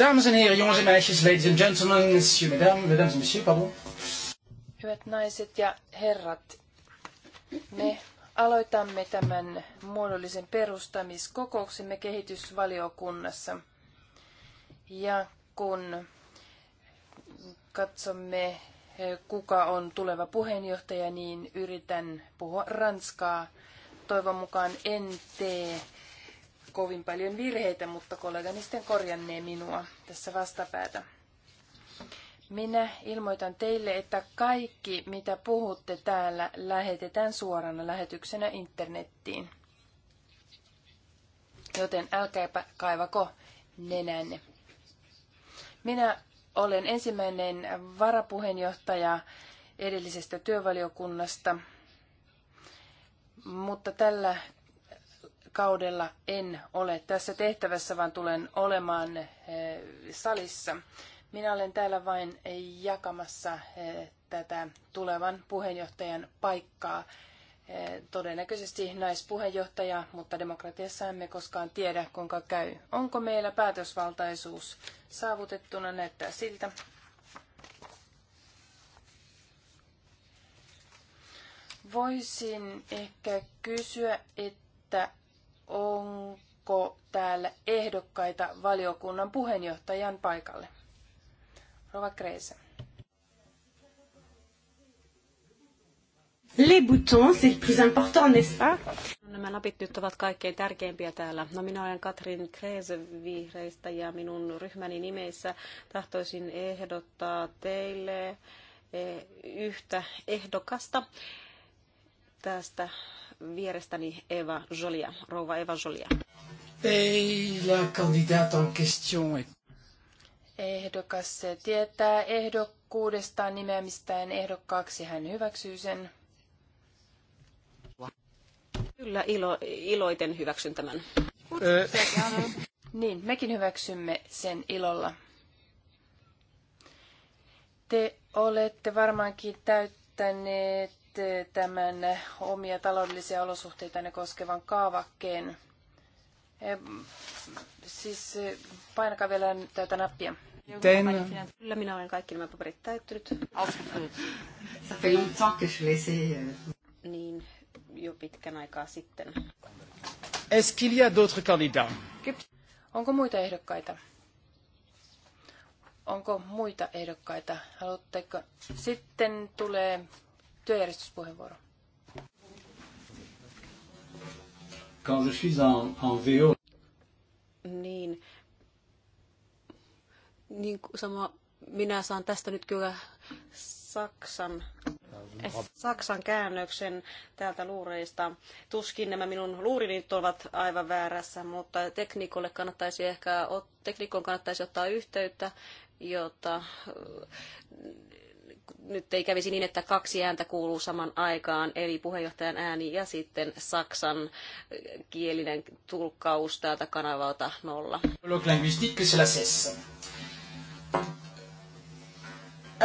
Dames en heren, jongens en meisjes, ladies and gentlemen, monsieur, mesdames, mesdames en messieurs, pardon. Hyvät naiset ja herrat, me aloitamme tämän muodollisen perustamiskokouksemme kehitysvaliokunnassa. Ja kun katsomme, eh, kuka on tuleva puheenjohtaja, niin yritän puhua ranskaa. Toivon mukaan en tee kovin paljon virheitä, mutta kollegani sitten korjannee minua tässä vastapäätä. Minä ilmoitan teille, että kaikki mitä puhutte täällä lähetetään suorana lähetyksenä internettiin. Joten älkääpä kaivako nenänne. Minä olen ensimmäinen varapuheenjohtaja edellisestä työvaliokunnasta, mutta tällä kaudella en ole tässä tehtävässä, vaan tulen olemaan eh, salissa. Minä olen täällä vain jakamassa eh, tätä tulevan puheenjohtajan paikkaa. Eh, todennäköisesti naispuheenjohtaja, mutta demokratiassa emme koskaan tiedä, kuinka käy. Onko meillä päätösvaltaisuus saavutettuna? Näyttää siltä. Voisin ehkä kysyä, että onko täällä ehdokkaita valiokunnan puheenjohtajan paikalle. Rova Kreise. Les boutons, c'est le plus important, n'est-ce pas? No, nämä lapit nyt ovat kaikkein tärkeimpiä täällä. No minä olen Katrin Kreese vihreistä ja minun ryhmäni nimeissä tahtoisin ehdottaa teille eh, yhtä ehdokasta tästä vierestäni Eva Jolia, rouva Eva Jolia. Ei, la candidate en question. Ehdokas tietää ehdokkuudestaan nimeämistään ehdokkaaksi. Hän hyväksyy sen. Kyllä, ilo, iloiten hyväksyn tämän. niin, mekin hyväksymme sen ilolla. Te olette varmaankin täyttäneet tämän omia taloudellisia olosuhteita ne koskevan kaavakkeen. Siis eh, painakaa vielä tätä nappia. Den... Kyllä minä olen kaikki nämä paperit täyttynyt. Niin, jo pitkän aikaa sitten. y a Onko muita ehdokkaita? Onko muita ehdokkaita? Haluatteko? Sitten tulee työjärjestyspuheenvuoro. Quand je suis en, en VO. Niin. niin sama, minä saan tästä nyt kyllä Saksan, eh, Saksan käännöksen täältä luureista. Tuskin nämä minun luurini ovat aivan väärässä, mutta tekniikolle kannattaisi ehkä, teknikon kannattaisi ottaa yhteyttä, jotta eh, nyt ei kävisi niin, että kaksi ääntä kuuluu saman aikaan, eli puheenjohtajan ääni ja sitten saksan kielinen tulkkaus täältä kanavalta nolla.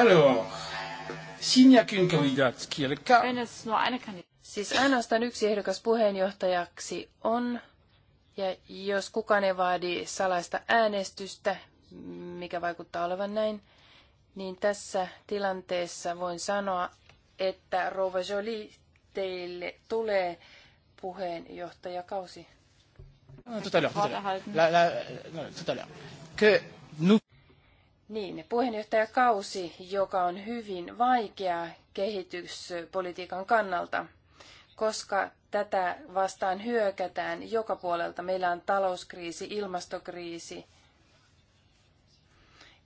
Alors, s'il n'y a qu'une candidate qui est le cas... No, siis ainoastaan yksi ehdokas puheenjohtajaksi on, ja jos kukaan ei vaadi salaista äänestystä, mikä vaikuttaa olevan näin, niin tässä tilanteessa voin sanoa, että Rouva Jolie teille tulee puheenjohtajakausi. No, no, niin, puheenjohtajakausi, joka on hyvin vaikea kehityspolitiikan kannalta, koska tätä vastaan hyökätään joka puolelta. Meillä on talouskriisi, ilmastokriisi,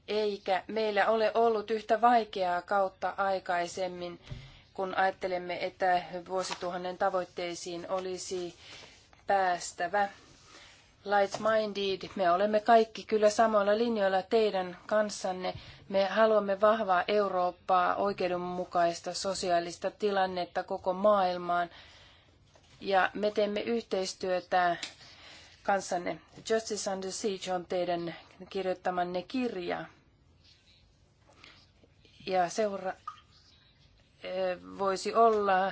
eikä meillä ole ollut yhtä vaikeaa kautta aikaisemmin, kun ajattelemme, että vuosituhannen tavoitteisiin olisi päästävä. Light Minded, me olemme kaikki kyllä samoilla linjoilla teidän kanssanne. Me haluamme vahvaa Eurooppaa, oikeudenmukaista sosiaalista tilannetta koko maailmaan. Ja me teemme yhteistyötä kanssanne. Justice Under Siege on teidän kirjoittamanne kirja ja seura eh, voisi olla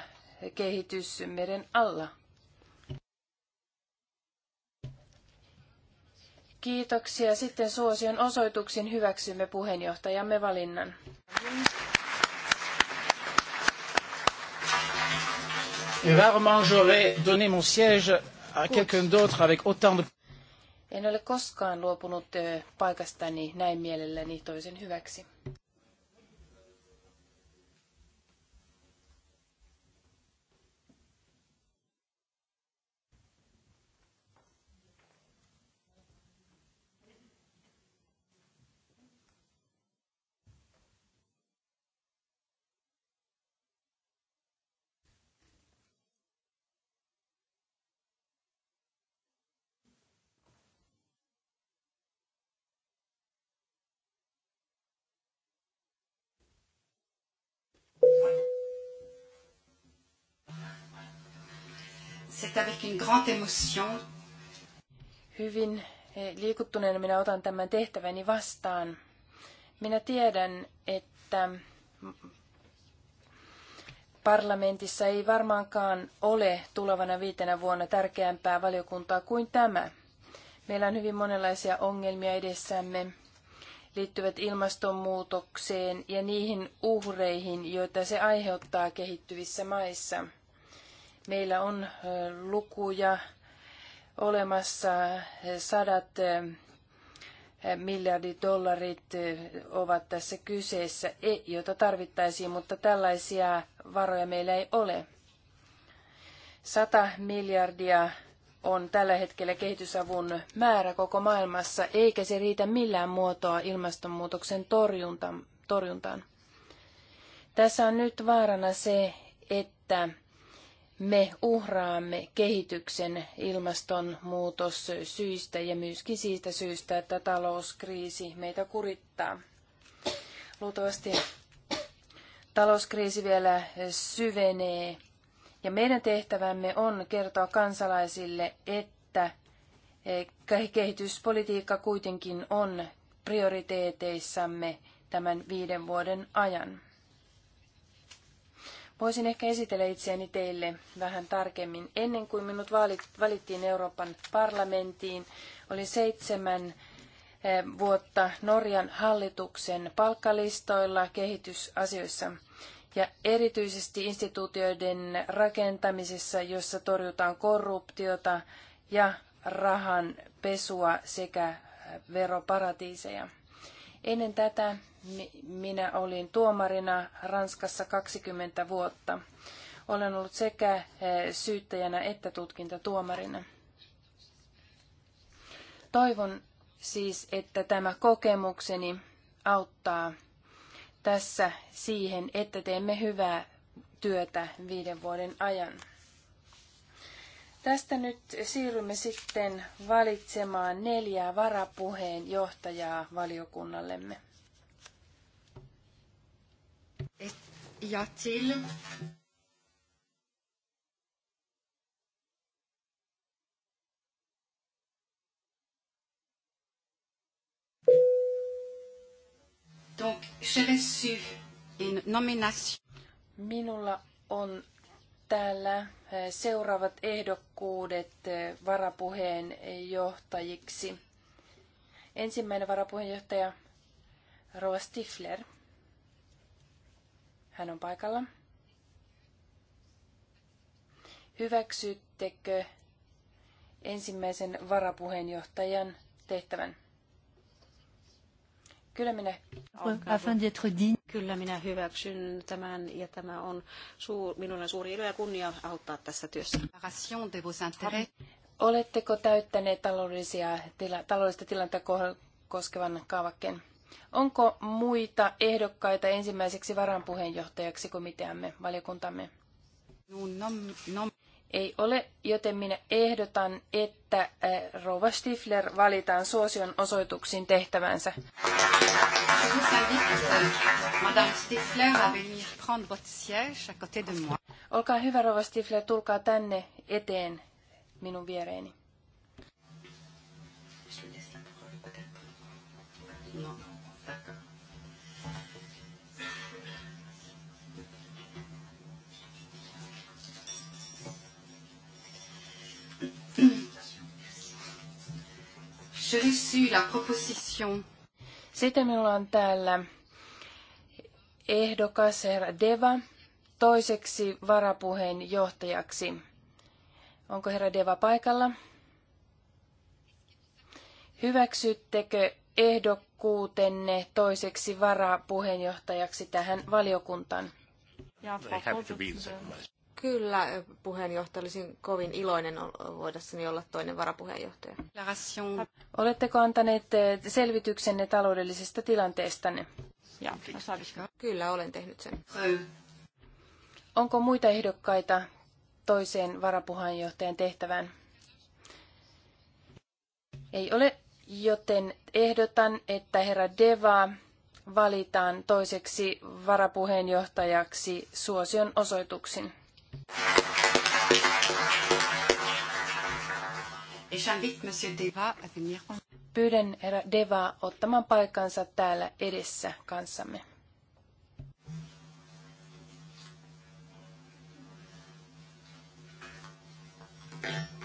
kehitys meren alla. Kiitoksia. Sitten suosion osoituksin hyväksymme puheenjohtajamme valinnan. En ole koskaan luopunut eh, paikastani näin mielelläni toisen hyväksi. c'est avec une grande émotion. Hyvin eh, liikuttuneena minä otan tämän tehtäväni vastaan. Minä tiedän, että parlamentissa ei varmaankaan ole tulevana viitenä vuonna tärkeämpää valiokuntaa kuin tämä. Meillä on hyvin monenlaisia ongelmia edessämme liittyvät ilmastonmuutokseen ja niihin uhreihin, joita se aiheuttaa kehittyvissä maissa. Meillä on lukuja olemassa sadat miljardit dollarit ovat tässä kyseessä, e, jota tarvittaisiin, mutta tällaisia varoja meillä ei ole. 100 miljardia on tällä hetkellä kehitysavun määrä koko maailmassa, eikä se riitä millään muotoa ilmastonmuutoksen torjuntaan. Tässä on nyt vaarana se, että me uhraamme kehityksen ilmastonmuutos syistä ja myöskin siitä syystä, että talouskriisi meitä kurittaa. Luultavasti talouskriisi vielä syvenee ja meidän tehtävämme on kertoa kansalaisille, että e, kehityspolitiikka kuitenkin on prioriteeteissamme tämän viiden vuoden ajan. Voisin ehkä esitellä itseäni teille vähän tarkemmin. Ennen kuin minut valittiin Euroopan parlamenttiin, oli seitsemän eh, vuotta Norjan hallituksen palkkalistoilla kehitysasioissa ja erityisesti instituutioiden rakentamisessa, jossa torjutaan korruptiota ja rahan pesua sekä eh, veroparatiiseja. Ennen tätä minä olin tuomarina Ranskassa 20 vuotta. Olen ollut sekä eh, syyttäjänä että tutkintatuomarina. Toivon siis, että tämä kokemukseni auttaa tässä siihen, että teemme hyvää työtä viiden vuoden ajan. Tästä nyt siirrymme sitten valitsemaan neljää varapuheenjohtajaa valiokunnallemme. Y a Donc, reçu une nomination. Minulla on täällä eh, seuraavat ehdokkuudet eh, varapuheenjohtajiksi. Ensimmäinen varapuheenjohtaja Rova Stifler. Hän on paikalla. Hyväksyttekö ensimmäisen varapuheenjohtajan tehtävän? Kyllä minä, Kyllä minä hyväksyn tämän ja tämä on suur, minulle suuri ilo ja kunnia auttaa tässä työssä. Oletteko täyttäneet taloudellisia, taloudellista tilannetta koskevan kaavakkeen? Onko muita ehdokkaita ensimmäiseksi varanpuheenjohtajaksi komiteamme, valiokuntamme? Ei ole, joten minä ehdotan, että äh, Rova Stifler valitaan suosion osoituksiin tehtävänsä. Olkaa hyvä, Rova Stifler, tulkaa tänne eteen minun viereeni. No. Sitten minulla on täällä ehdokas herra Deva toiseksi varapuheenjohtajaksi. Onko herra Deva paikalla? Hyväksyttekö ehdokkuutenne toiseksi varapuheenjohtajaksi tähän valiokuntaan? Kyllä, puheenjohtaja, olisin kovin iloinen voidessani olla toinen varapuheenjohtaja. Oletteko antaneet eh, selvityksenne taloudellisesta tilanteestanne? Ja, no, Kyllä, olen tehnyt sen. Onko muita ehdokkaita toiseen varapuheenjohtajan tehtävään? Ei ole, joten ehdotan, että herra Deva valitaan toiseksi varapuheenjohtajaksi suosion osoituksin. Pyydän herra Deva ottamaan paikkansa täällä edessä kanssamme. Thank you.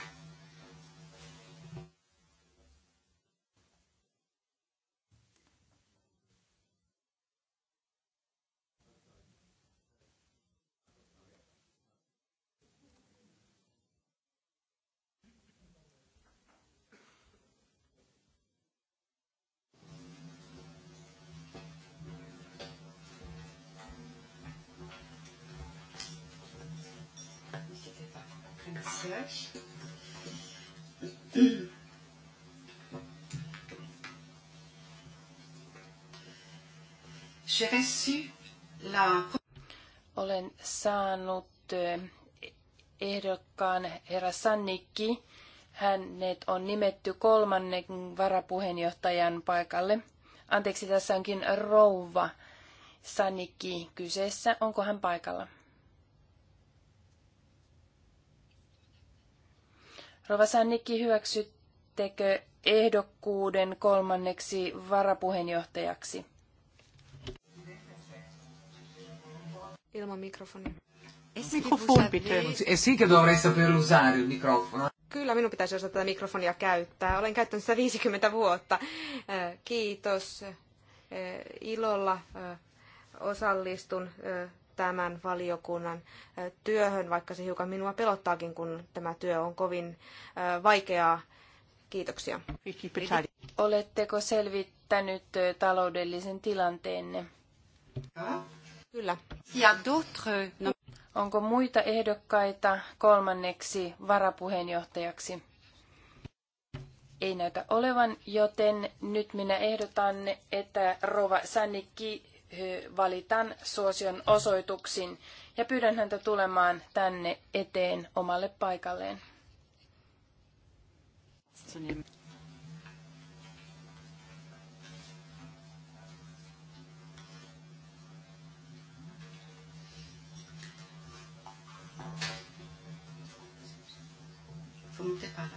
Olen saanut eh, ehdokkaan herra Sannikki. Hänet on nimetty kolmannen varapuheenjohtajan paikalle. Anteeksi, tässä onkin rouva Sannikki kyseessä. Onko hän paikalla? Rova Sannikki, hyväksyttekö ehdokkuuden kolmanneksi varapuheenjohtajaksi? ilman mikrofonia. Mikrofoni pitää, mutta sinäkin usare il microfono. Kyllä, minun pitäisi osata tätä mikrofonia käyttää. Olen käyttänyt sitä 50 vuotta. Kiitos. Ilolla osallistun tämän valiokunnan työhön, vaikka se hiukan minua pelottaakin, kun tämä työ on kovin vaikeaa. Kiitoksia. Oletteko selvittänyt taloudellisen tilanteenne? Ja. Kyllä. Ja no. Onko muita ehdokkaita kolmanneksi varapuheenjohtajaksi? Ei näytä olevan, joten nyt minä ehdotan, että Rova Sannikki eh, valitaan suosion osoituksin ja pyydän häntä tulemaan tänne eteen omalle paikalleen. punte para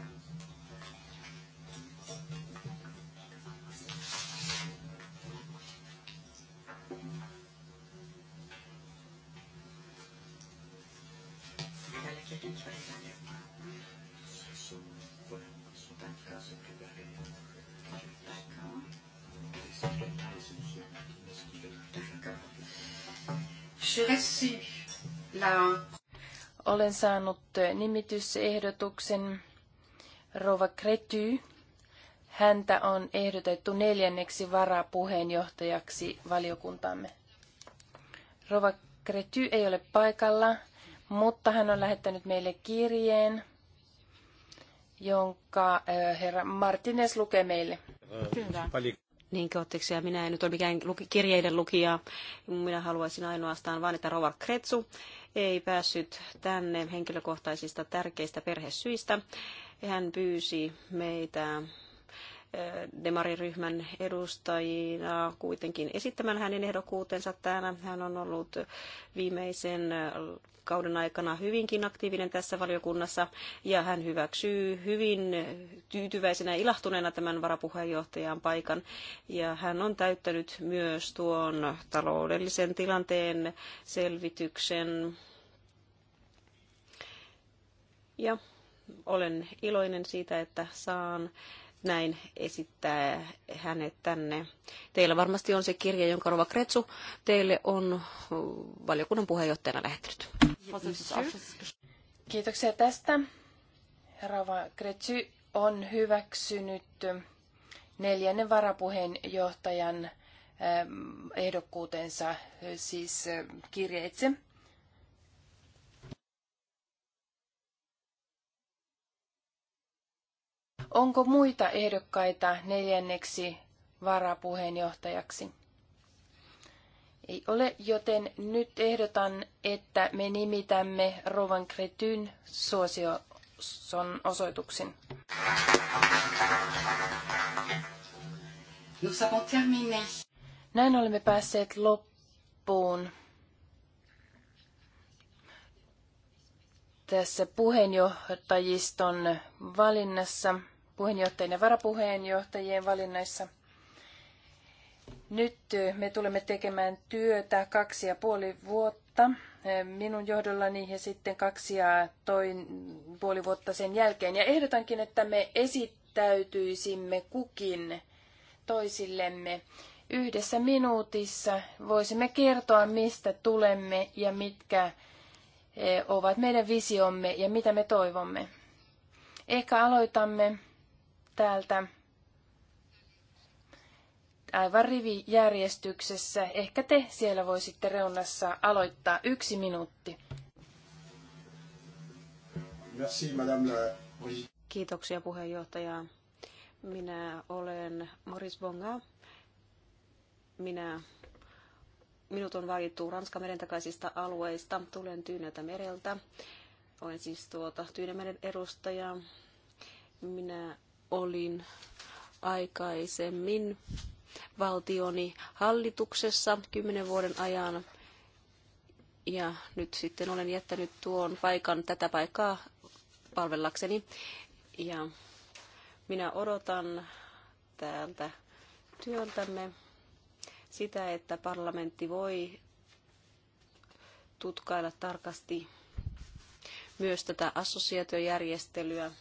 je reste sur la olen saanut nimitysehdotuksen Rova Krety. Häntä on ehdotettu neljänneksi varapuheenjohtajaksi valiokuntamme. Rova Krety ei ole paikalla, mutta hän on lähettänyt meille kirjeen, jonka äh, herra Martinez lukee meille. Äh, Kyllä niin kehottiksi, ja minä en nyt ole mikään kirjeiden lukija, minä haluaisin ainoastaan vain, että Rova Kretsu ei päässyt tänne henkilökohtaisista tärkeistä perhesyistä. Hän pyysi meitä demariryhmän edustajina kuitenkin esittämään hänen ehdokkuutensa täällä. Hän on ollut viimeisen kauden aikana hyvinkin aktiivinen tässä valiokunnassa ja hän hyväksyy hyvin tyytyväisenä ja ilahtuneena tämän varapuheenjohtajan paikan. Ja hän on täyttänyt myös tuon taloudellisen tilanteen selvityksen. Ja olen iloinen siitä, että saan näin esittää hänet tänne. Teillä varmasti on se kirja, jonka Rova Kretsu teille on valiokunnan puheenjohtajana lähettänyt. Kiitoksia tästä. Rova Kretsu on hyväksynyt neljännen varapuheenjohtajan eh, ehdokkuutensa eh, siis eh, kirjeitse. Onko muita ehdokkaita neljänneksi varapuheenjohtajaksi? Ei ole, joten nyt ehdotan, että me nimitämme Rovan Kretyn suosion osoituksen. Näin olemme päässeet loppuun tässä puheenjohtajiston valinnassa puheenjohtajien ja varapuheenjohtajien valinnoissa. Nyt me tulemme tekemään työtä kaksi ja puoli vuotta minun johdollani ja sitten kaksi ja toin puoli vuotta sen jälkeen. Ja ehdotankin, että me esittäytyisimme kukin toisillemme yhdessä minuutissa. Voisimme kertoa, mistä tulemme ja mitkä ovat meidän visiomme ja mitä me toivomme. Ehkä aloitamme täältä aivan rivijärjestyksessä. Ehkä te siellä voisitte reunassa aloittaa yksi minuutti. Merci, madame la... Kiitoksia puheenjohtaja. Minä olen Maurice Bonga. Minä Minut on valittu Ranskan meren takaisista alueista. Tulen Tyyneltä mereltä. Olen siis tuota Tyynemeren edustaja. Minä olin aikaisemmin valtioni hallituksessa kymmenen vuoden ajan. Ja nyt sitten olen jättänyt tuon paikan tätä paikkaa palvellakseni. Ja minä odotan täältä työltämme sitä, että parlamentti voi tutkailla tarkasti myös tätä assosiaatiojärjestelyä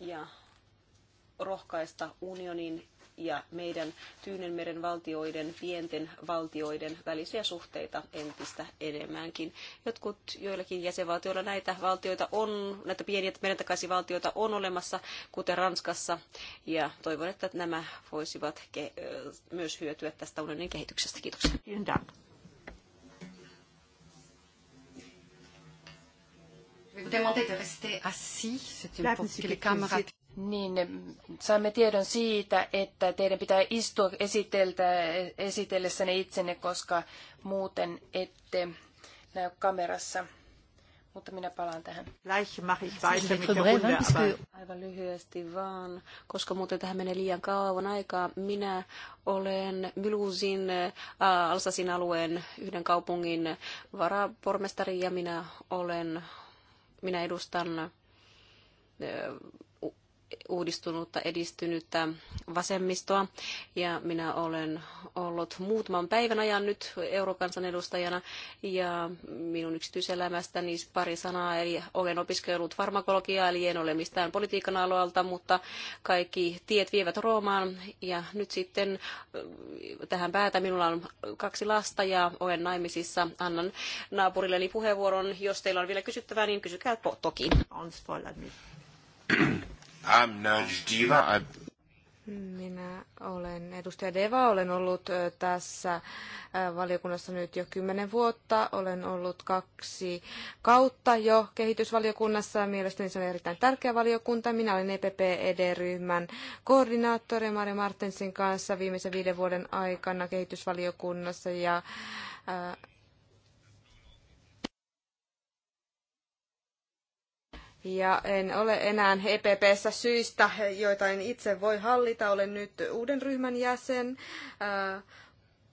ja rohkaista unionin ja meidän Tyynenmeren valtioiden, pienten valtioiden välisiä suhteita entistä enemmänkin. Jotkut joillakin jäsenvaltioilla näitä valtioita on, näitä pieniä merentakaisia valtioita on olemassa, kuten Ranskassa, ja toivon, että nämä voisivat myös hyötyä tästä unionin kehityksestä. Kiitoksia. Kiitos. vous de rester assis, pour que les niin saimme tiedon siitä, että teidän pitää istua esiteltä, esitellessänne itsenne, koska muuten ette näy kamerassa. Mutta minä palaan tähän. Siis Aivan lyhyesti vaan, koska muuten tähän menee liian kauan aikaa. Minä olen Mylusin äh, Alsasin alueen yhden kaupungin varapormestari ja minä olen, minä edustan äh, uudistunutta, edistynyttä vasemmistoa. Ja minä olen ollut muutaman päivän ajan nyt Eurokansanedustajana ja minun yksityiselämästäni pari sanaa. Eli olen opiskellut farmakologiaa, eli en ole mistään politiikan alueelta, mutta kaikki tiet vievät Roomaan. Ja nyt sitten äh, tähän päätä minulla on kaksi lasta ja olen naimisissa. Annan naapurilleni puheenvuoron. Jos teillä on vielä kysyttävää, niin kysykää toki. I'm Nudge Diva. Minä olen edustaja Deva, olen ollut tässä valiokunnassa nyt jo kymmenen vuotta. Olen ollut kaksi kautta jo kehitysvaliokunnassa. Mielestäni se on erittäin tärkeä valiokunta. Minä olen EPP-ED-ryhmän koordinaattori Mari Martensin kanssa viimeisen viiden vuoden aikana kehitysvaliokunnassa ja Ja en ole enää EPPssä syistä, joita en itse voi hallita. Olen nyt uuden ryhmän jäsen, äh,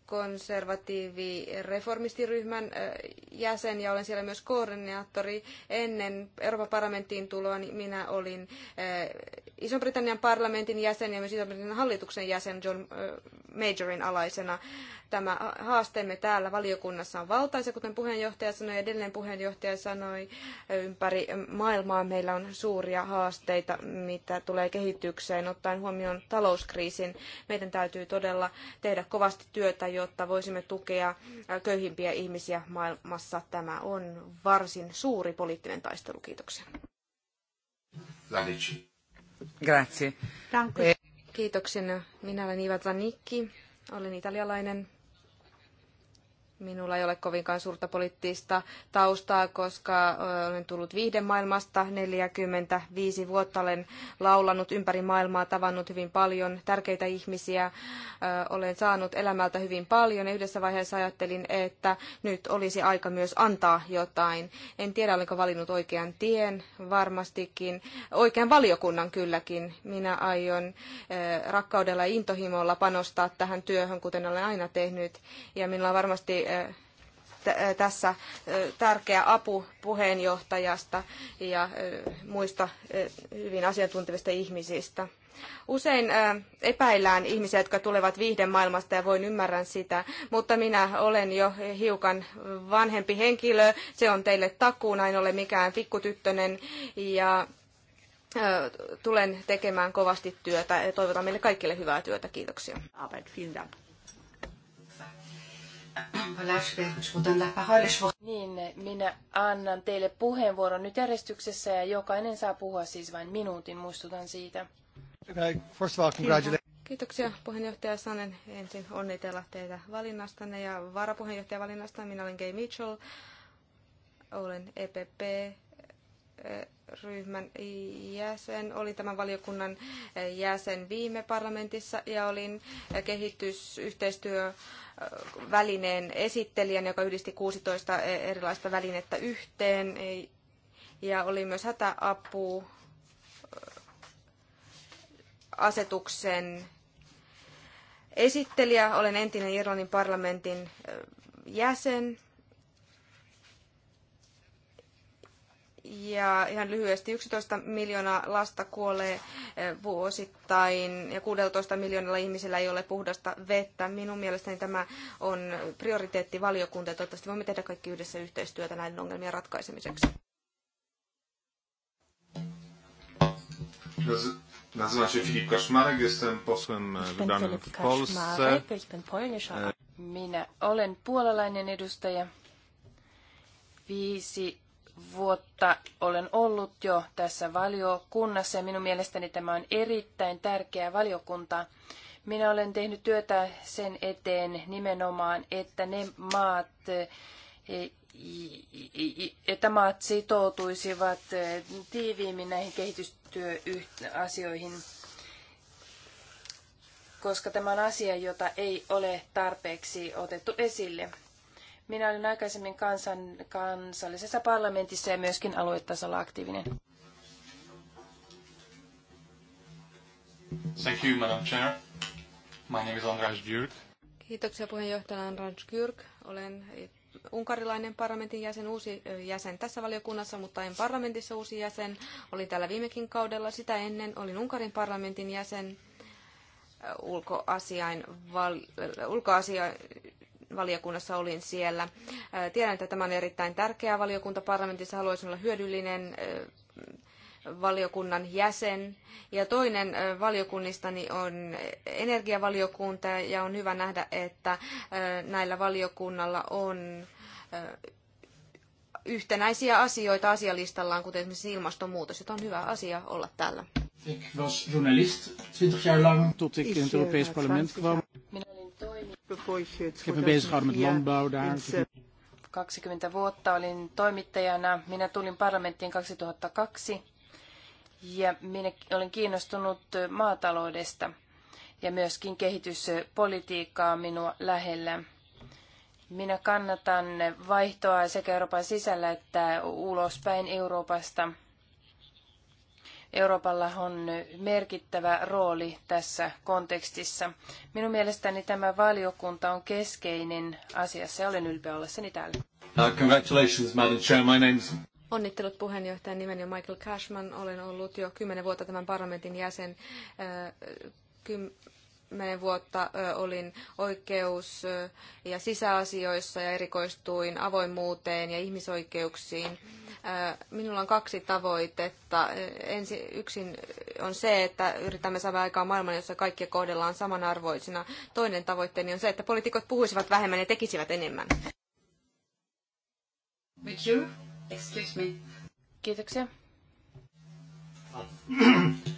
konservatiivi-reformistiryhmän äh, jäsen ja olen siellä myös koordinaattori. Ennen Euroopan parlamenttiin tuloa niin minä olin äh, Iso-Britannian parlamentin jäsen ja myös Iso-Britannian hallituksen jäsen John Majorin alaisena. Tämä haasteemme täällä valiokunnassa on valtaisa, kuten puheenjohtaja sanoi ja edelleen puheenjohtaja sanoi. Ympäri maailmaa meillä on suuria haasteita, mitä tulee kehitykseen. Ottaen huomioon talouskriisin, meidän täytyy todella tehdä kovasti työtä, jotta voisimme tukea köyhimpiä ihmisiä maailmassa. Tämä on varsin suuri poliittinen taistelu. Kiitoksia. Lähdin. Grazie. Eh. Kiitoksen. Minä olen Iva Zanikki, olen italialainen Minulla ei ole kovinkaan suurta poliittista taustaa, koska olen tullut viiden maailmasta 45 vuotta. Olen laulanut ympäri maailmaa, tavannut hyvin paljon tärkeitä ihmisiä. Olen saanut elämältä hyvin paljon ja yhdessä vaiheessa ajattelin, että nyt olisi aika myös antaa jotain. En tiedä, olenko valinnut oikean tien, varmastikin. Oikean valiokunnan kylläkin. Minä aion rakkaudella ja intohimolla panostaa tähän työhön, kuten olen aina tehnyt. Ja minulla on varmasti tässä tärkeä apu puheenjohtajasta ja muista hyvin asiantuntevista ihmisistä. Usein epäillään ihmisiä, jotka tulevat viihdemaailmasta ja voin ymmärrän sitä, mutta minä olen jo hiukan vanhempi henkilö, se on teille takuuna, en ole mikään pikkutyttönen ja tulen tekemään kovasti työtä ja toivotan meille kaikille hyvää työtä. Kiitoksia. Arbeit, niin, minä annan teille puheenvuoron nyt järjestyksessä ja jokainen saa puhua siis vain minuutin, muistutan siitä. First of all, congratulations. Kiitoksia puheenjohtaja Sanen. Ensin onnitella teitä valinnastanne ja varapuheenjohtaja valinnasta. Minä olen Gay Mitchell. Olen EPP ryhmän jäsen. oli tämän valiokunnan jäsen viime parlamentissa ja olin kehitysyhteistyövälineen esittelijän, joka yhdisti 16 erilaista välinettä yhteen. Ja oli myös hätäapu äh, asetuksen esittelijä. Olen entinen Irlannin parlamentin äh, jäsen Ja ihan lyhyesti, 11 miljoonaa lasta kuolee eh, vuosittain ja 16 miljoonalla ihmisellä ei ole puhdasta vettä. Minun mielestäni tämä on prioriteetti valiokunta ja toivottavasti voimme tehdä kaikki yhdessä yhteistyötä näiden ongelmien ratkaisemiseksi. Nazywam się Filip Kaszmarek, jestem posłem e, wybranym w Polsce. E. Minä olen puolalainen edustaja. Viisi vuotta olen ollut jo tässä valiokunnassa ja minun mielestäni tämä on erittäin tärkeä valiokunta. Minä olen tehnyt työtä sen eteen nimenomaan, että ne maat, että maat sitoutuisivat tiiviimmin näihin kehitystyöasioihin, koska tämä on asia, jota ei ole tarpeeksi otettu esille. Minä olin aikaisemmin kansan, kansallisessa parlamentissa ja myöskin aluetasolla aktiivinen. Thank you, Madam Chair. My name is András Gyürk. Kiitoksia puheenjohtaja András Gyrk. Olen unkarilainen parlamentin jäsen, uusi jäsen tässä valiokunnassa, mutta en parlamentissa uusi jäsen. Olin täällä viimekin kaudella. Sitä ennen olin Unkarin parlamentin jäsen ulkoasiain, val, ulkoasiain valiokunnassa olin siellä. Äh, tiedän, että tämä on erittäin tärkeä valiokunta parlamentissa. Haluaisin olla hyödyllinen äh, valiokunnan jäsen. Ja toinen äh, valiokunnistani on energiavaliokunta ja on hyvä nähdä, että näillä valiokunnalla on yhtenäisiä asioita asialistallaan, kuten esimerkiksi ilmastonmuutos, Että on hyvä asia olla täällä. Ik was journalist 20 jaar lang tot ik in het Europees parlement kwam. Ik me bezig gehouden met landbouw daar. 20 vuotta olin toimittajana. Minä tulin parlamenttiin 2002 ja minä olin kiinnostunut maataloudesta ja myöskin kehityspolitiikkaa minua lähellä. Minä kannatan vaihtoa sekä Euroopan sisällä että ulospäin Euroopasta – Euroopalla on merkittävä rooli tässä kontekstissa. Minun mielestäni tämä valiokunta on keskeinen asiassa ja olen ylpeä ollessani täällä. Uh, congratulations, Madam Chair. My name's... Onnittelut puheenjohtajan nimeni on Michael Cashman. Olen ollut jo kymmenen vuotta tämän parlamentin jäsen. Äh, kym kymmenen vuotta olin oikeus- ja sisäasioissa ja erikoistuin avoimuuteen ja ihmisoikeuksiin. Minulla on kaksi tavoitetta. Ensi, yksin on se, että yritämme saada aikaan maailman, jossa kaikkia kohdellaan samanarvoisina. Toinen tavoitteeni on se, että poliitikot puhuisivat vähemmän ja tekisivät enemmän. Excuse me. Kiitoksia. Ah.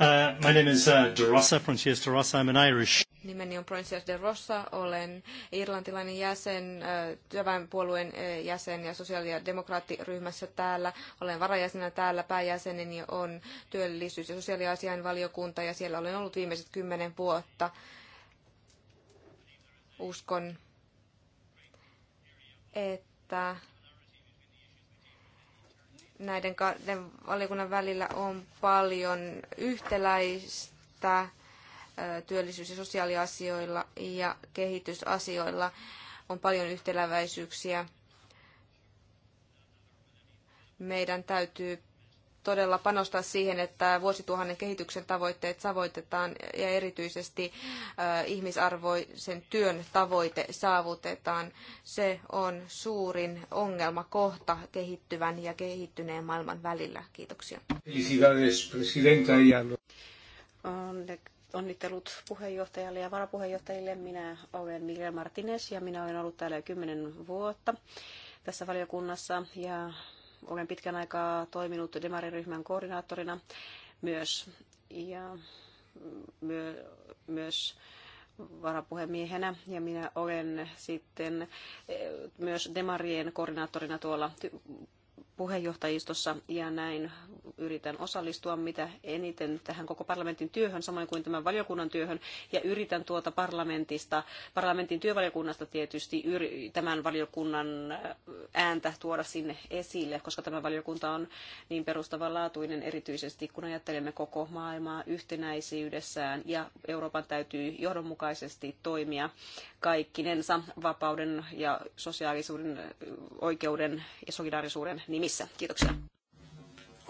Uh, my name is uh, De Rossa, Proncius De Rossa. I'm an Irish. Nimeni on Proncius De Rossa. Olen irlantilainen jäsen, äh, työväenpuolueen uh, jäsen ja sosiaali- ja demokraattiryhmässä täällä. Olen varajäsenä täällä. Pääjäseneni on työllisyys- ja sosiaaliasian valiokunta ja siellä olen ollut viimeiset kymmenen vuotta. Uskon, että näiden kahden valiokunnan välillä on paljon yhtäläistä työllisyys- ja sosiaaliasioilla ja kehitysasioilla on paljon yhtäläväisyyksiä. Meidän täytyy todella panostaa siihen, että vuosituhannen kehityksen tavoitteet savoitetaan ja erityisesti äh, ihmisarvoisen työn tavoite saavutetaan. Se on suurin ongelma kohta kehittyvän ja kehittyneen maailman välillä. Kiitoksia. Onnittelut puheenjohtajalle ja varapuheenjohtajille. Minä olen Miguel Martinez ja minä olen ollut täällä jo kymmenen vuotta tässä valiokunnassa ja olen pitkän aikaa toiminut demariryhmän koordinaattorina myös ja myö, myös varapuhemiehenä ja minä olen sitten eh, myös demarien koordinaattorina tuolla puheenjohtajistossa ja näin yritän osallistua mitä eniten tähän koko parlamentin työhön, samoin kuin tämän valiokunnan työhön ja yritän tuota parlamentista, parlamentin työvaliokunnasta tietysti tämän valiokunnan äh, ääntä tuoda sinne esille, koska tämä valiokunta on niin perustavanlaatuinen erityisesti, kun ajattelemme koko maailmaa yhtenäisyydessään ja Euroopan täytyy johdonmukaisesti toimia kaikkinensa vapauden ja sosiaalisuuden äh, oikeuden ja solidaarisuuden nimissä nimissä. Kiitoksia.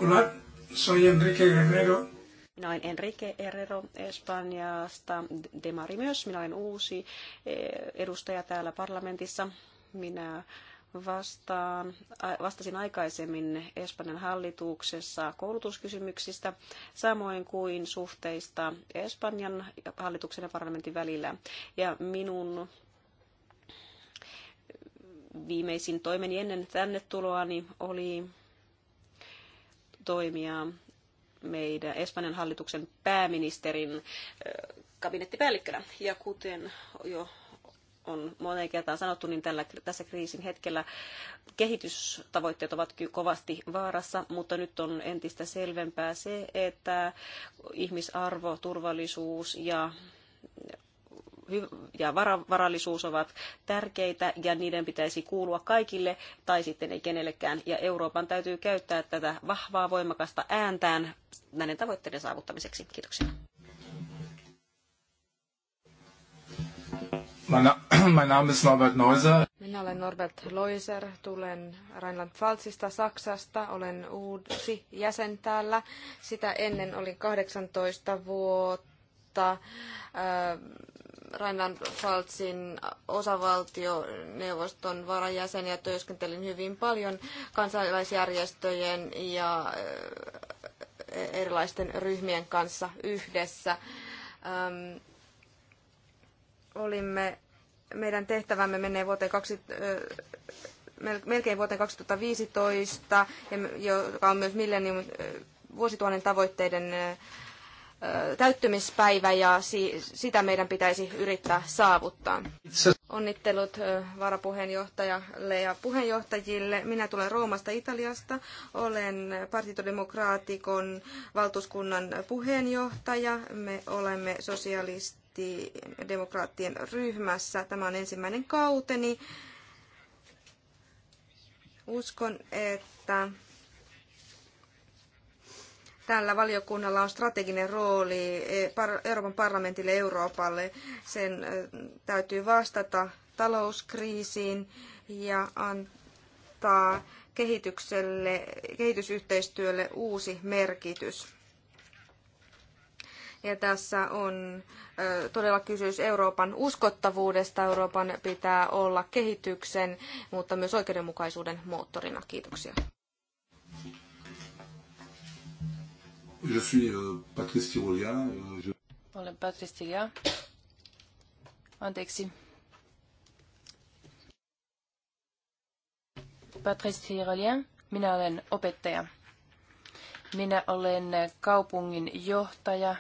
Hola, soy Enrique Guerrero. Minä olen Enrique Herrero Espanjasta, demari myös. Minä olen uusi eh, edustaja täällä parlamentissa. Minä vastaan, vastasin aikaisemmin Espanjan hallituksessa koulutuskysymyksistä, samoin kuin suhteista Espanjan hallituksen ja parlamentin välillä. Ja minun viimeisin toimeni ennen tänne tuloani niin oli toimia meidän Espanjan hallituksen pääministerin kabinettipäällikkönä. Ja kuten jo on moneen kertaan sanottu, niin tällä, tässä kriisin hetkellä kehitystavoitteet ovat kyllä kovasti vaarassa, mutta nyt on entistä selvempää se, että ihmisarvo, turvallisuus ja ja varallisuus ovat tärkeitä ja niiden pitäisi kuulua kaikille tai sitten ei kenellekään. Ja Euroopan täytyy käyttää tätä vahvaa voimakasta ääntään näiden tavoitteiden saavuttamiseksi. Kiitoksia. Minä olen Norbert Loiser, tulen Rheinland-Pfalzista, Saksasta, olen uusi jäsen täällä. Sitä ennen olin 18 vuotta Rheinland-Pfalzin osavaltioneuvoston varajäseniä työskentelin hyvin paljon kansalaisjärjestöjen ja eh, erilaisten ryhmien kanssa yhdessä. Olimme, meidän tehtävämme menee vuoteen 20, eh, melkein vuoteen 2015, joka on myös millennium eh, vuosituhannen tavoitteiden täyttymispäivä ja sitä meidän pitäisi yrittää saavuttaa. Onnittelut varapuheenjohtajalle ja puheenjohtajille. Minä tulen Roomasta Italiasta. Olen Partitodemokraatikon valtuuskunnan puheenjohtaja. Me olemme sosialistidemokraattien ryhmässä. Tämä on ensimmäinen kauteni. Uskon, että Tällä valiokunnalla on strateginen rooli e, Euroopan parlamentille Euroopalle. Sen täytyy vastata talouskriisiin ja antaa kehitykselle, kehitysyhteistyölle uusi merkitys. Ja tässä on todella kysymys Euroopan uskottavuudesta. Euroopan pitää olla kehityksen, mutta myös oikeudenmukaisuuden moottorina. Kiitoksia. Je suis Patrice Je... Olen Patrice Tirolia. Euh, Anteeksi. Patrice Tirolia. Minä olen opettaja. Minä olen kaupungin johtaja,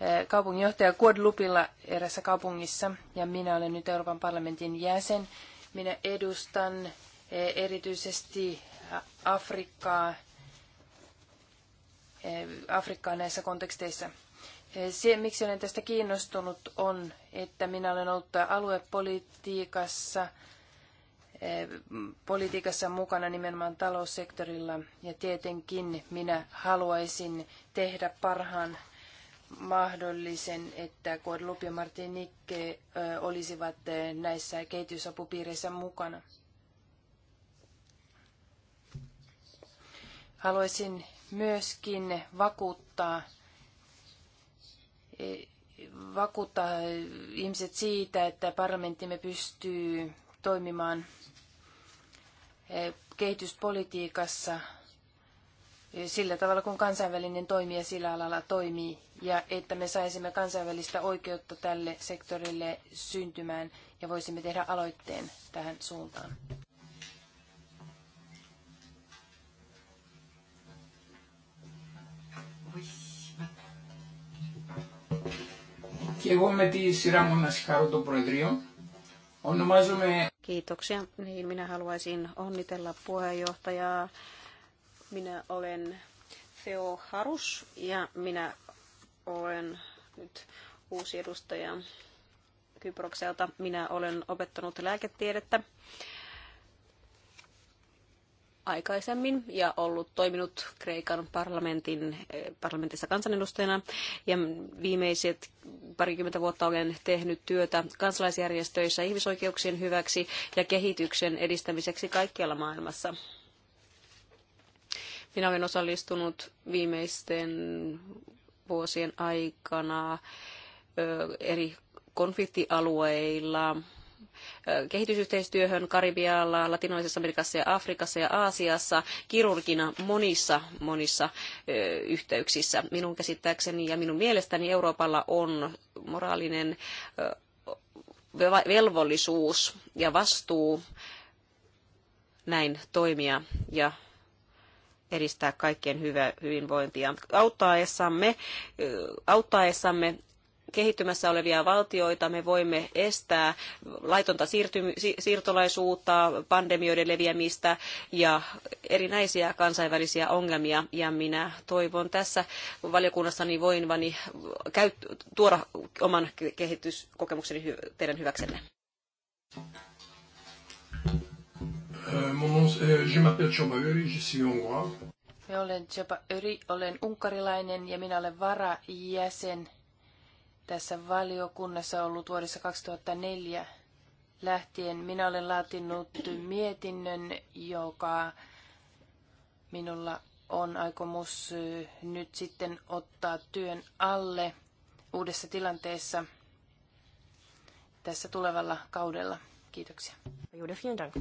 eh, kaupunginjohtaja lupilla erässä kaupungissa ja minä olen nyt Euroopan parlamentin jäsen. Minä edustan eh, erityisesti eh, Afrikkaa Eh, Afrikkaan näissä konteksteissa. Eh, se, miksi olen tästä kiinnostunut, on, että minä olen ollut aluepolitiikassa eh, politiikassa mukana nimenomaan taloussektorilla ja tietenkin minä haluaisin tehdä parhaan mahdollisen, että Guadalupe ja Martinique olisivat näissä kehitysapupiireissä mukana. Haluaisin myöskin vakuuttaa, e, vakuuttaa ihmiset siitä, että parlamenttimme pystyy toimimaan e, kehityspolitiikassa e, sillä tavalla, kun kansainvälinen toimija sillä alalla toimii, ja että me saisimme kansainvälistä oikeutta tälle sektorille syntymään ja voisimme tehdä aloitteen tähän suuntaan. Και εγώ με τη σειρά μου να συγχαρώ το Προεδρείο. Ονομάζομαι... Kiitoksia. Niin, minä haluaisin onnitella puheenjohtajaa. Minä olen Theo Harus ja minä olen nyt uusi edustaja Kyprokselta. Minä olen opettanut lääketiedettä aikaisemmin ja ollut toiminut Kreikan parlamentin, eh, parlamentissa kansanedustajana. Ja viimeiset parikymmentä vuotta olen tehnyt työtä kansalaisjärjestöissä ihmisoikeuksien hyväksi ja kehityksen edistämiseksi kaikkialla maailmassa. Minä olen osallistunut viimeisten vuosien aikana eh, eri konfliktialueilla kehitysyhteistyöhön Karibialla, Latinoisessa Amerikassa ja Afrikassa ja Aasiassa kirurgina monissa, monissa yhteyksissä. Minun käsittääkseni ja minun mielestäni Euroopalla on moraalinen velvollisuus ja vastuu näin toimia ja edistää kaikkien hyvä, hyvinvointia. Auttaessamme, auttaessamme kehittymässä olevia valtioita, me voimme estää laitonta siirtolaisuutta, pandemioiden leviämistä ja erinäisiä kansainvälisiä ongelmia. Ja minä toivon tässä valiokunnassani voinvani käyt, tuoda oman kehityskokemukseni teidän hyväksenne. Euh, minä euh, olen Chaba olen unkarilainen ja minä olen varajäsen tässä valiokunnassa ollut vuodessa 2004 lähtien. Minä olen laatinut mietinnön, joka minulla on aikomus eh, nyt sitten ottaa työn alle uudessa tilanteessa tässä tulevalla kaudella. Kiitoksia. Jude, vielen Dank.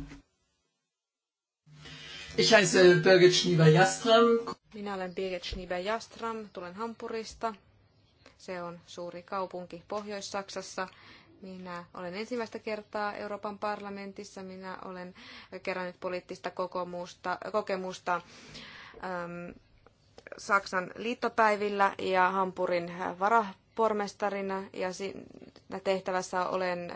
Ich heiße Birgit Schnieber-Jastram. Minä olen Birgit Schnieber-Jastram, tulen Hampurista se on suuri kaupunki Pohjois-Saksassa. Minä olen ensimmäistä kertaa Euroopan parlamentissa. Minä olen kerännyt poliittista kokemusta ähm, Saksan liittopäivillä ja Hampurin varapormestarina. Ja siinä tehtävässä olen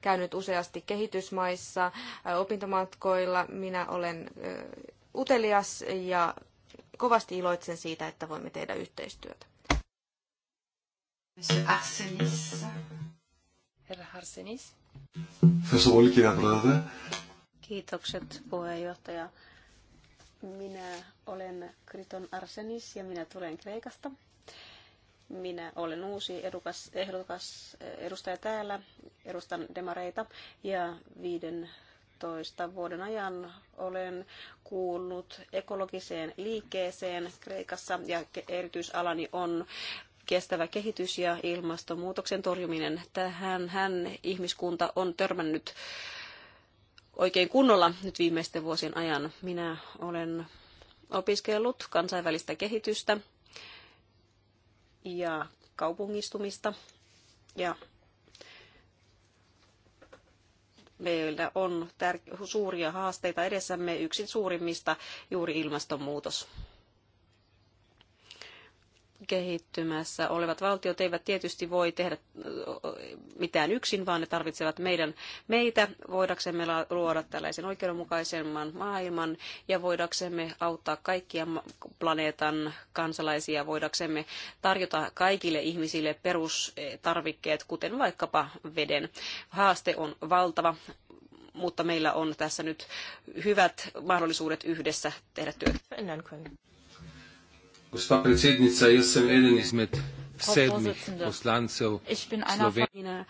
käynyt useasti kehitysmaissa opintomatkoilla. Minä olen utelias ja kovasti iloitsen siitä, että voimme tehdä yhteistyötä. Monsieur Arsenis. Herra Arsenis. Ευχαριστώ πολύ Kiitokset puheenjohtaja. Minä olen Kriton Arsenis ja minä tulen Kreikasta. Minä olen uusi edukas, ehdokas edustaja täällä, edustan demareita ja 15 vuoden ajan olen kuullut ekologiseen liikkeeseen Kreikassa ja erityisalani on kestävä kehitys ja ilmastonmuutoksen torjuminen. Tähän hän ihmiskunta on törmännyt oikein kunnolla nyt viimeisten vuosien ajan. Minä olen opiskellut kansainvälistä kehitystä ja kaupungistumista ja meillä on suuria haasteita edessämme. Yksi suurimmista juuri ilmastonmuutos kehittymässä olevat valtiot eivät tietysti voi tehdä mitään yksin, vaan ne tarvitsevat meidän, meitä voidaksemme luoda tällaisen oikeudenmukaisemman maailman ja voidaksemme auttaa kaikkia planeetan kansalaisia, voidaksemme tarjota kaikille ihmisille perustarvikkeet, kuten vaikkapa veden. Haaste on valtava, mutta meillä on tässä nyt hyvät mahdollisuudet yhdessä tehdä työtä. Gospa predsednica, jaz sem eden izmed sedmih poslancev Slovenije.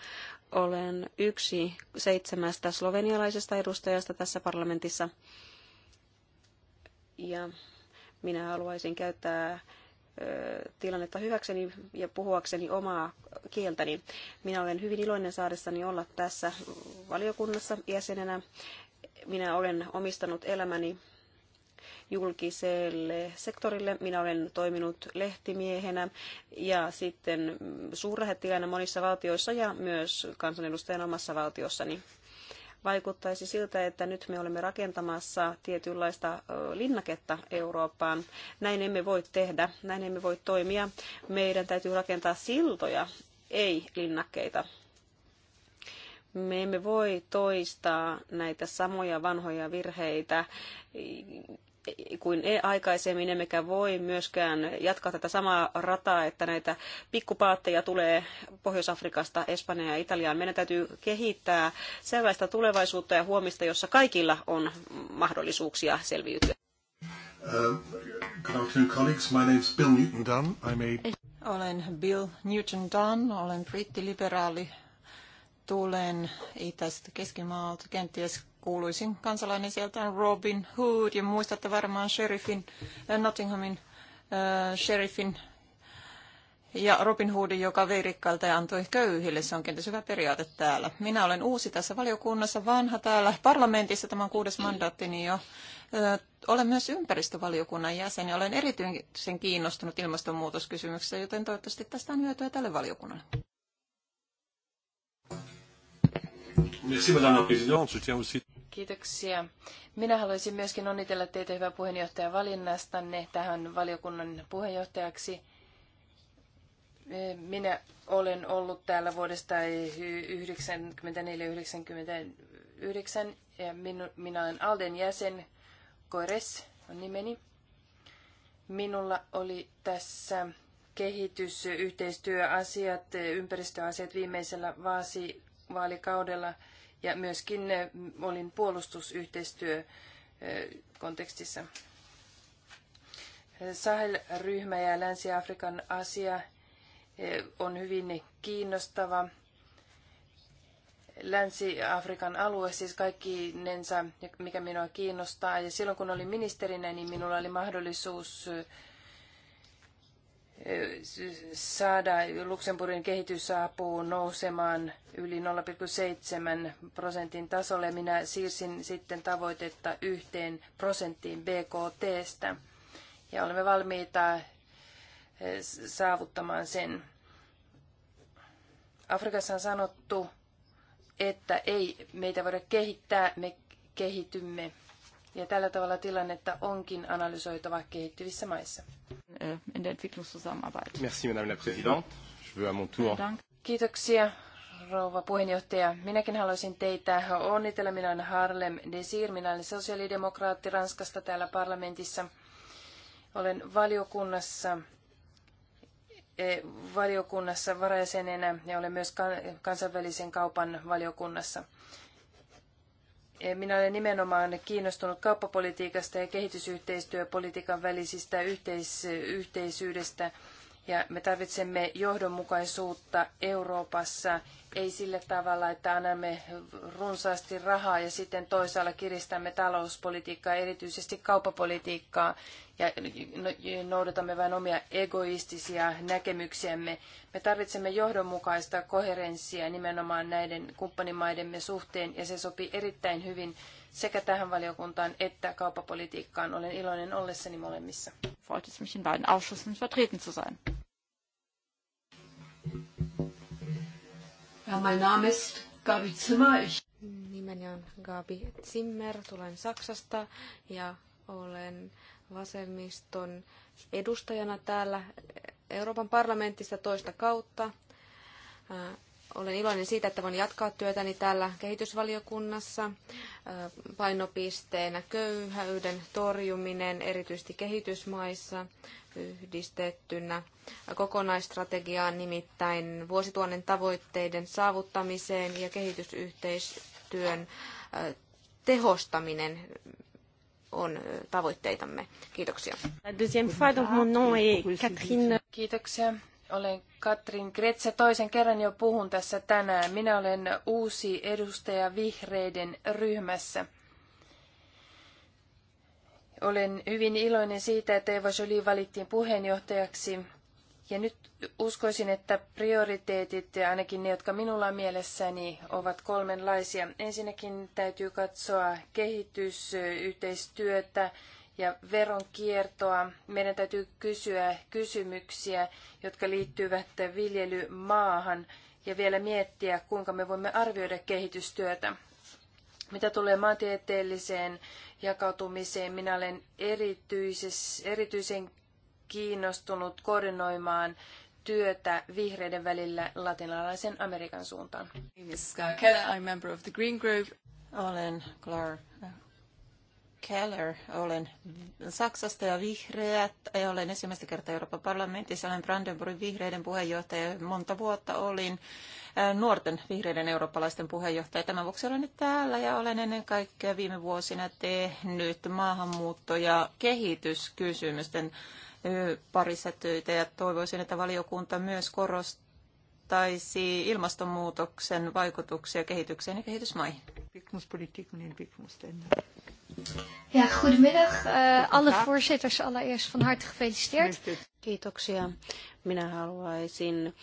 Olen yksi seitsemästä slovenialaisesta edustajasta tässä parlamentissa. Ja minä haluaisin käyttää tilannetta hyväkseni ja puhuakseni omaa kieltäni. Minä olen hyvin iloinen saadessani olla tässä valiokunnassa jäsenenä. Minä olen omistanut elämäni julkiselle sektorille. Minä olen toiminut lehtimiehenä ja sitten suurlähettiläänä monissa valtioissa ja myös kansanedustajan omassa valtiossani vaikuttaisi siltä, että nyt me olemme rakentamassa tietynlaista linnaketta Eurooppaan. Näin emme voi tehdä, näin emme voi toimia. Meidän täytyy rakentaa siltoja, ei linnakkeita. Me emme voi toistaa näitä samoja vanhoja virheitä kuin ei aikaisemmin, emmekä voi myöskään jatkaa tätä samaa rataa, että näitä pikkupaatteja tulee Pohjois-Afrikasta Espanjaan ja Italiaan. Meidän täytyy kehittää sellaista tulevaisuutta ja huomista, jossa kaikilla on mahdollisuuksia selviytyä. Uh, olen Bill Newton Dunn, olen brittiliberaali tulen itäisestä keskimaalta, kenties kuuluisin kansalainen sieltä on Robin Hood ja muistatte varmaan sheriffin, äh, Nottinghamin äh, sheriffin ja Robin Hoodin, joka vei rikkailta ja antoi köyhille. Se on kenties hyvä periaate täällä. Minä olen uusi tässä valiokunnassa, vanha täällä parlamentissa, tämä on kuudes mandaattini jo. Olen myös ympäristövaliokunnan jäsen ja olen erityisen kiinnostunut ilmastonmuutoskysymyksestä, joten toivottavasti tästä on hyötyä tälle valiokunnalle. Kiitoksia. Minä haluaisin myöskin onnitella teitä hyvää puheenjohtajan valinnastanne tähän valiokunnan puheenjohtajaksi. Minä olen ollut täällä vuodesta 1994-1999 ja minä olen Alden jäsen. Koires on nimeni. Minulla oli tässä kehitysyhteistyöasiat, ympäristöasiat viimeisellä vaasi vaalikaudella ja myöskin eh, olin puolustusyhteistyö kontekstissa. Eh, Sahel-ryhmä ja Länsi-Afrikan asia eh, on hyvin kiinnostava. Länsi-Afrikan alue, siis kaikki nensa, mikä minua kiinnostaa. Ja silloin kun olin ministerinä, niin minulla oli mahdollisuus saada Luxemburgin kehitysapu nousemaan yli 0,7 prosentin tasolle. Minä siirsin sitten tavoitetta yhteen prosenttiin BKTstä ja olemme valmiita eh, saavuttamaan sen. Afrikassa on sanottu, että ei meitä voida kehittää, me kehitymme. Ja tällä tavalla tilannetta onkin analysoitava kehittyvissä maissa. Äh, Merci, madame la présidente. Je veux à mon tour. Kiitoksia, rouva puheenjohtaja. Minäkin haluaisin teitä onnitella. Minä olen Harlem Desir. Minä olen sosiaalidemokraatti Ranskasta täällä parlamentissa. Olen valiokunnassa e, valiokunnassa varajäsenenä ja olen myös kansainvälisen kaupan valiokunnassa. Eh, minä olen nimenomaan kiinnostunut kauppapolitiikasta ja kehitysyhteistyöpolitiikan välisistä yhteis- yhteisyydestä. Ja me tarvitsemme johdonmukaisuutta Euroopassa, ei sillä tavalla, että annamme runsaasti rahaa ja sitten toisaalla kiristämme talouspolitiikkaa, erityisesti kauppapolitiikkaa, ja no, noudatamme vain omia egoistisia näkemyksiämme. Me tarvitsemme johdonmukaista koherenssia nimenomaan näiden kumppanimaidemme suhteen, ja se sopii erittäin hyvin sekä tähän valiokuntaan että kauppapolitiikkaan. Olen iloinen ollessani molemmissa. Nimeni on Gabi Zimmer, tulen Saksasta ja olen vasemmiston edustajana täällä Euroopan parlamentista toista kautta. Äh, olen iloinen siitä, että voin jatkaa työtäni täällä kehitysvaliokunnassa. Äh, painopisteenä köyhyyden torjuminen, erityisesti kehitysmaissa yhdistettynä kokonaistrategiaan, nimittäin vuosituhannen tavoitteiden saavuttamiseen ja kehitysyhteistyön äh, tehostaminen on tavoitteitamme. Kiitoksia. Kiitoksia. Olen Katrin Kretsä. Toisen kerran jo puhun tässä tänään. Minä olen uusi edustaja vihreiden ryhmässä. Olen hyvin iloinen siitä, että Eva Jolie valittiin puheenjohtajaksi ja nyt uskoisin, että prioriteetit, ainakin ne, jotka minulla on mielessäni, ovat kolmenlaisia. Ensinnäkin täytyy katsoa kehitysyhteistyötä ja veronkiertoa. Meidän täytyy kysyä kysymyksiä, jotka liittyvät viljelymaahan ja vielä miettiä, kuinka me voimme arvioida kehitystyötä. Mitä tulee maantieteelliseen jakautumiseen, minä olen erityisen kiinnostunut koordinoimaan työtä vihreiden välillä latinalaisen Amerikan suuntaan. Olen Clark Keller, olen Saksasta ja vihreät. Ja olen ensimmäistä kertaa Euroopan parlamentissa, olen Brandenburgin vihreiden puheenjohtaja. Monta vuotta olin äh, nuorten vihreiden eurooppalaisten puheenjohtaja. Tämän vuoksi olen nyt täällä ja olen ennen kaikkea viime vuosina tehnyt maahanmuutto- ja kehityskysymysten parissa töitä ja toivoisin, että valiokunta myös korostaisi ilmastonmuutoksen vaikutuksia kehitykseen ja kehitysmaihin. Niin ja, goedemiddag. Uh, alle voorzitters allereerst van harte gefeliciteerd. Kiitoksia. Minä haluaisin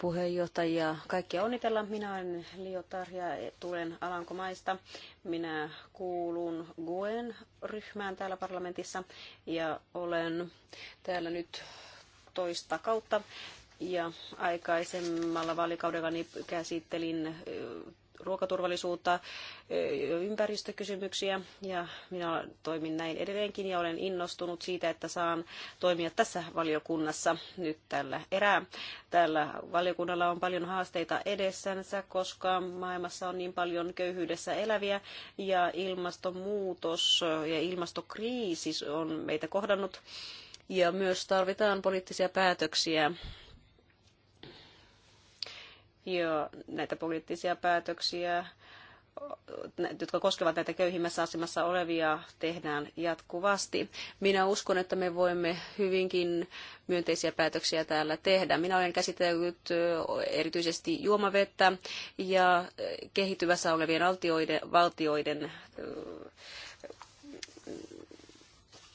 puheenjohtajia. Kaikkia onnitella. Minä olen Lio Tarja, tulen Alankomaista. Minä kuulun Guen ryhmään täällä parlamentissa ja olen täällä nyt toista kautta. Ja aikaisemmalla vaalikaudella niin käsittelin ruokaturvallisuutta, ympäristökysymyksiä ja minä toimin näin edelleenkin ja olen innostunut siitä, että saan toimia tässä valiokunnassa nyt tällä erää. Tällä valiokunnalla on paljon haasteita edessänsä, koska maailmassa on niin paljon köyhyydessä eläviä ja ilmastonmuutos ja ilmastokriisi on meitä kohdannut ja myös tarvitaan poliittisia päätöksiä ja näitä poliittisia päätöksiä, jotka koskevat näitä köyhimmässä asemassa olevia, tehdään jatkuvasti. Minä uskon, että me voimme hyvinkin myönteisiä päätöksiä täällä tehdä. Minä olen käsitellyt erityisesti juomavettä ja kehittyvässä olevien valtioiden, valtioiden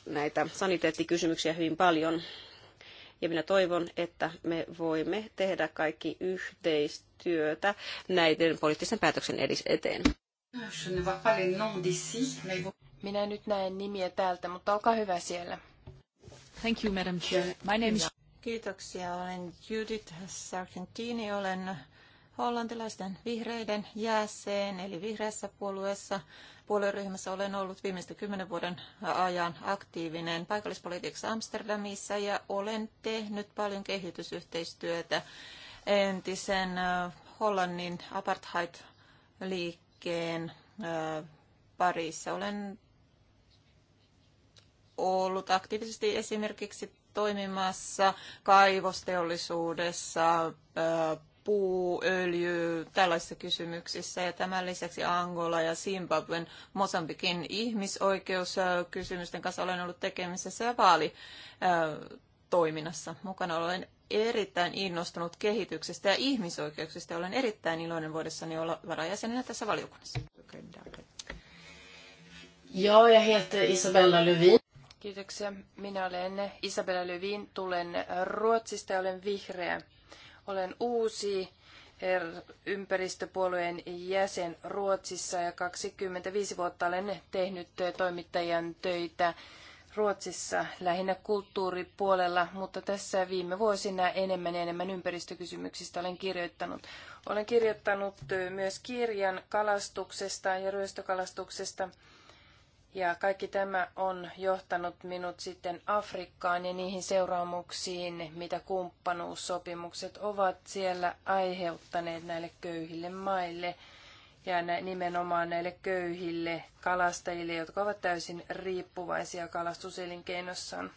näitä saniteettikysymyksiä hyvin paljon. Ja minä toivon, että me voimme tehdä kaikki yhteistyötä näiden poliittisen päätöksen eteen. Minä nyt näen nimiä täältä, mutta olkaa hyvä siellä. Thank you, Madam Chair. My name is... Kiitoksia. Olen Judith Sargentini. Olen hollantilaisten vihreiden jäsen, eli vihreässä puolueessa. Puolueryhmässä olen ollut viimeisten kymmenen vuoden ajan aktiivinen paikallispolitiikassa Amsterdamissa ja olen tehnyt paljon kehitysyhteistyötä entisen Hollannin apartheid-liikkeen parissa. Olen ollut aktiivisesti esimerkiksi toimimassa kaivosteollisuudessa, puuöljy tällaisissa kysymyksissä. Ja tämän lisäksi Angola ja Zimbabwen, Mosambikin ihmisoikeuskysymysten kanssa olen ollut tekemisessä ja vaalitoiminnassa mukana. Olen erittäin innostunut kehityksestä ja ihmisoikeuksista. Olen erittäin iloinen voidessani olla varajäsenenä tässä valiokunnassa. Joo, ja heitä Isabella Lövin. Kiitoksia. Minä olen Isabella Lövin, tulen Ruotsista ja olen vihreä. Olen uusi er, ympäristöpuolueen jäsen Ruotsissa ja 25 vuotta olen tehnyt toimittajan töitä Ruotsissa lähinnä kulttuuripuolella, mutta tässä viime vuosina enemmän ja enemmän ympäristökysymyksistä olen kirjoittanut. Olen kirjoittanut myös kirjan kalastuksesta ja ryöstökalastuksesta ja kaikki tämä on johtanut minut sitten Afrikkaan ja niihin seuraamuksiin, mitä kumppanuussopimukset ovat siellä aiheuttaneet näille köyhille maille ja nimenomaan näille köyhille kalastajille, jotka ovat täysin riippuvaisia kalastuselinkeinossaan.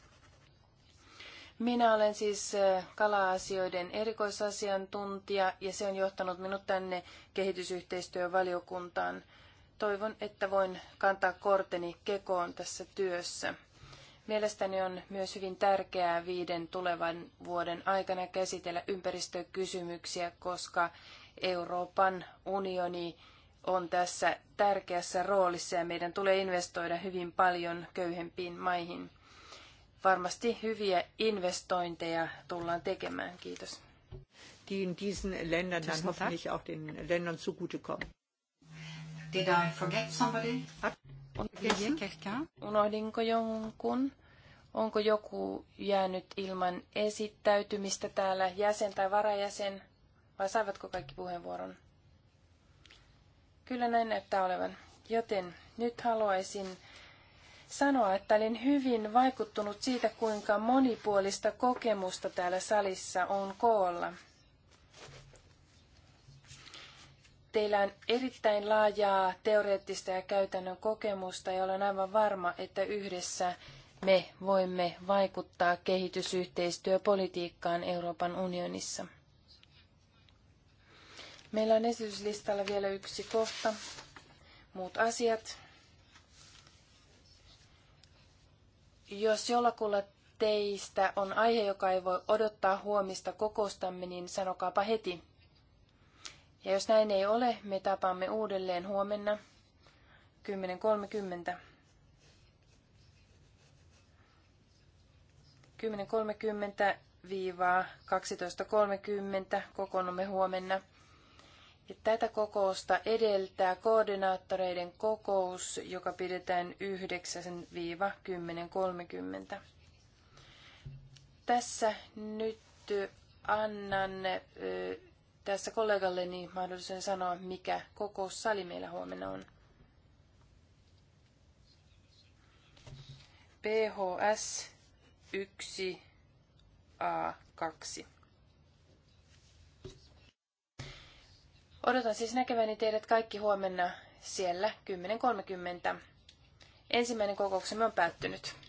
Minä olen siis kala-asioiden erikoisasiantuntija ja se on johtanut minut tänne kehitysyhteistyövaliokuntaan. valiokuntaan toivon, että voin kantaa korteni kekoon tässä työssä. Mielestäni on myös hyvin tärkeää viiden tulevan vuoden aikana käsitellä ympäristökysymyksiä, koska Euroopan unioni on tässä tärkeässä roolissa ja meidän tulee investoida hyvin paljon köyhempiin maihin. Varmasti hyviä investointeja tullaan tekemään. Kiitos. Die in diesen Ländern dann hoffentlich auch den Ländern zugutekommen. Did I forget somebody? Niin. Unohdinko jonkun? Onko joku jäänyt ilman esittäytymistä täällä, jäsen tai varajäsen, vai saivatko kaikki puheenvuoron? Kyllä näin näyttää olevan. Joten nyt haluaisin sanoa, että olin hyvin vaikuttunut siitä, kuinka monipuolista kokemusta täällä salissa on koolla. Teillä on erittäin laajaa teoreettista ja käytännön kokemusta ja olen aivan varma, että yhdessä me voimme vaikuttaa kehitysyhteistyöpolitiikkaan Euroopan unionissa. Meillä on esityslistalla vielä yksi kohta, muut asiat. Jos jollakulla teistä on aihe, joka ei voi odottaa huomista kokoustamme, niin sanokaapa heti. Ja jos näin ei ole, me tapaamme uudelleen huomenna 10.30. 10.30-12.30 kokoonnumme huomenna. Ja tätä kokousta edeltää koordinaattoreiden kokous, joka pidetään 9-10.30. Tässä nyt annan tässä kollegalleni niin mahdollisuuden sanoa, mikä kokoussali meillä huomenna on. PHS 1A2. Odotan siis näkeväni teidät kaikki huomenna siellä 10.30. Ensimmäinen kokouksemme on päättynyt.